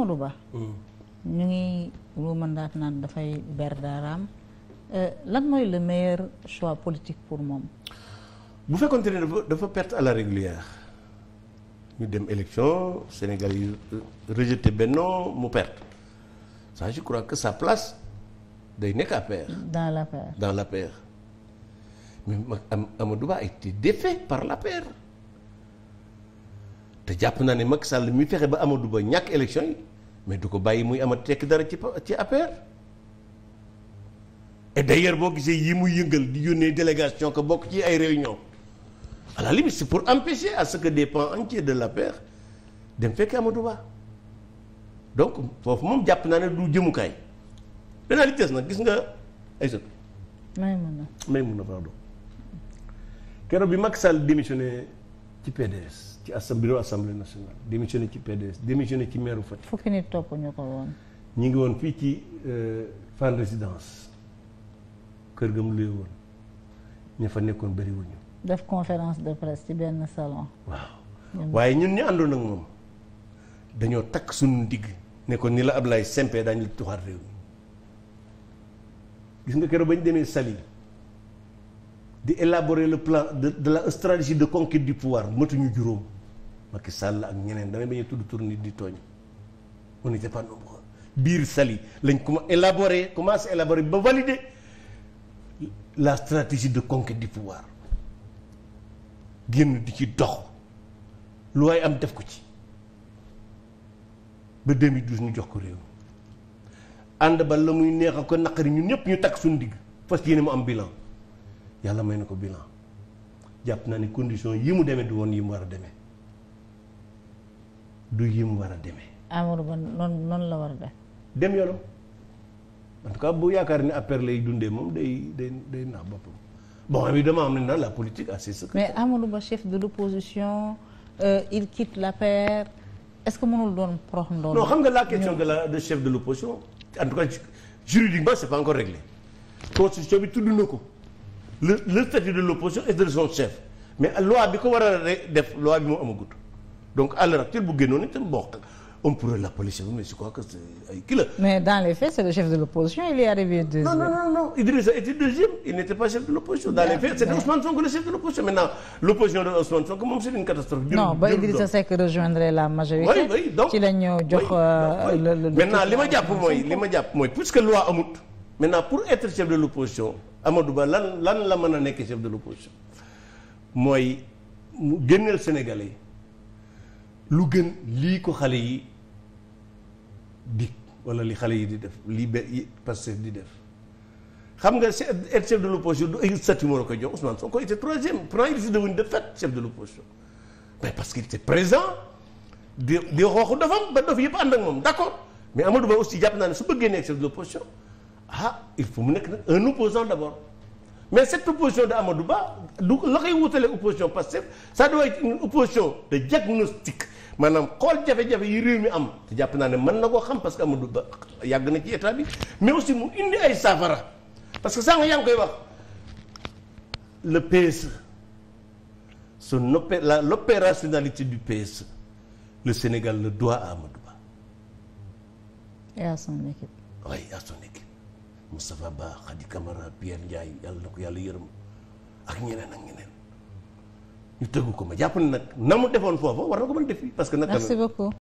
Amadou Ba. Hmm. ñu ngi lu mandaat naan dafay ber euh, lan mooy le meilleur choix politique pour moom. bu fekkoon ne dafa perte à la régulière ñu dem élection Sénégal yi euh, rejeté Benno mu perte ça je crois que sa place day nekk APR. dans l'APR dans l'APR mais Amadou Ba a été défait par l'APR. te jàpp naa ne Macky Sall mi fexe ba Amadou Ba ñàkk élection yi mais du ko bàyyi muy am amat tekk dara ci pa ci APR. et d'ailleurs boo gisee yi muy yëngal di yónnee délégation ko bokk ci ay réunion à la limite c'est pour empêcher à ce que des pans entiers de l'APR dem fekk Amadou Ba donc foofu moom jàpp naa ne du jëmukaay danaa li nag gis nga ay sot may mun na may mun na pardon keroog bi Macky Sall démissionné ci PDS ci assem bureau assemblée nationale démissionné ci PDS démissionné ci maire Fatick. fukki nit topp ñu ko woon. ñu ngi woon fii ci euh, Fann résidence kër ga mu luy woon ña fa nekkoon bëri def conférence de presse ci benn salon. waaw waaye ñun ñu àndoon ak moom dañoo takk suñu ndigg nekkoon ko ni la Ablaye Sempé daañu la tuxaat réew mi gis nga keroog bañ demee sali di élaborer le plan de de la stratégie de conquête du pouvoir matuñu juróom. Macky sàll ak ñeneen damay ba a tudd tur di tooñ on n'était pas nombreux biir sali lañ ko élaborer commencé élaborer ba valider la stratégie de conquête di pouvoir génn di ci dox lu waaye am def ko ci ba 2012 ñu jox ko réew ànd ba la muy neex ko naqari ñun ñëpp ñu takk suñu digg fas yéene mu am bilan yàlla may na ko bilan jàpp naa ni condition yi mu demee di woon yi mu war a demee du yim war a demee. Amadou Ba noonu noonu la war a def. dem yoonam en tout cas bu yaakaar ne affaire lay dundee moom day day day naa boppam bon évidemment am nañu la politique assez secrète. mais Amadou Ba chef de l'opposition euh, il quitte l'APR est-ce que mënul doon prox ndool. non xam nga la question de la de chef de l'opposition en tout cas juridiquement c'est pas encore réglé constitution bi tudd na ko le le statut de l'opposition est de son chef mais loi bi ko war a def loi moo amagut. donc à l'heure actuelle bu génnoon itam bon on pourrait l'appeler chef mais je crois que c'est ay kii la. mais dans les faits c'est le chef de l'opposition il est arrivé deuxième. non non non non Idrissa était deuxième il n'était pas chef de l'opposition dans les faits c'était Ousmane Sonko le chef de l'opposition maintenant l'opposition de Ousmane Sonko moom c'est une catastrophe. non la majorité. oui oui donc jox. Euh, maintenant li ma jàpp mooy li ma jàpp mooy puisque loi amut. maintenant pour être chef de l'opposition Amadou Ba lan lan la man a nekk chef de l'opposition mooy mu génneel Sénégalais. lu gën lii ko xale yi dig wala li xale yi di def lii be Pastef di def xam nga être chef de l'opposition du ay statut moo la koy jox Ousmane Sonko était troisième pourtant il était devenu de fait chef de l'opposition mais parce que qu'il était présent di di xooxu dofam ba dof yëpp ànd ak moom d'accord mais Amadou Ba aussi jàpp naa ne su bëggee nekk chef de l'opposition ah il faut mu nekk nag un opposant d'abord mais cette opposition de Amadou Ba du la koy wutale opposition Pastef ça doit être une opposition de diagnostic maanaam xool jafe-jafe yi réew mi am te jàpp naa ne mën na koo xam parce que Amadou Ba yàgg na ci état bi mais aussi mu indi ay saafara parce que sànq yaa ngi koy wax le PSE son opé la l' opérationnalité du PSE le Sénégal le doit à Amadou Ba. et à son équipe. oui à son équipe. Moustapha Ba Khady Camara Pierre Ndiaye yàlla na ko yàlla yërëm ak ñeneen ak ñeneen ñu tëggu ko ma jàpp nag na mu defoon foofa war na ko mën def fii parce que nag. merci beaucoup.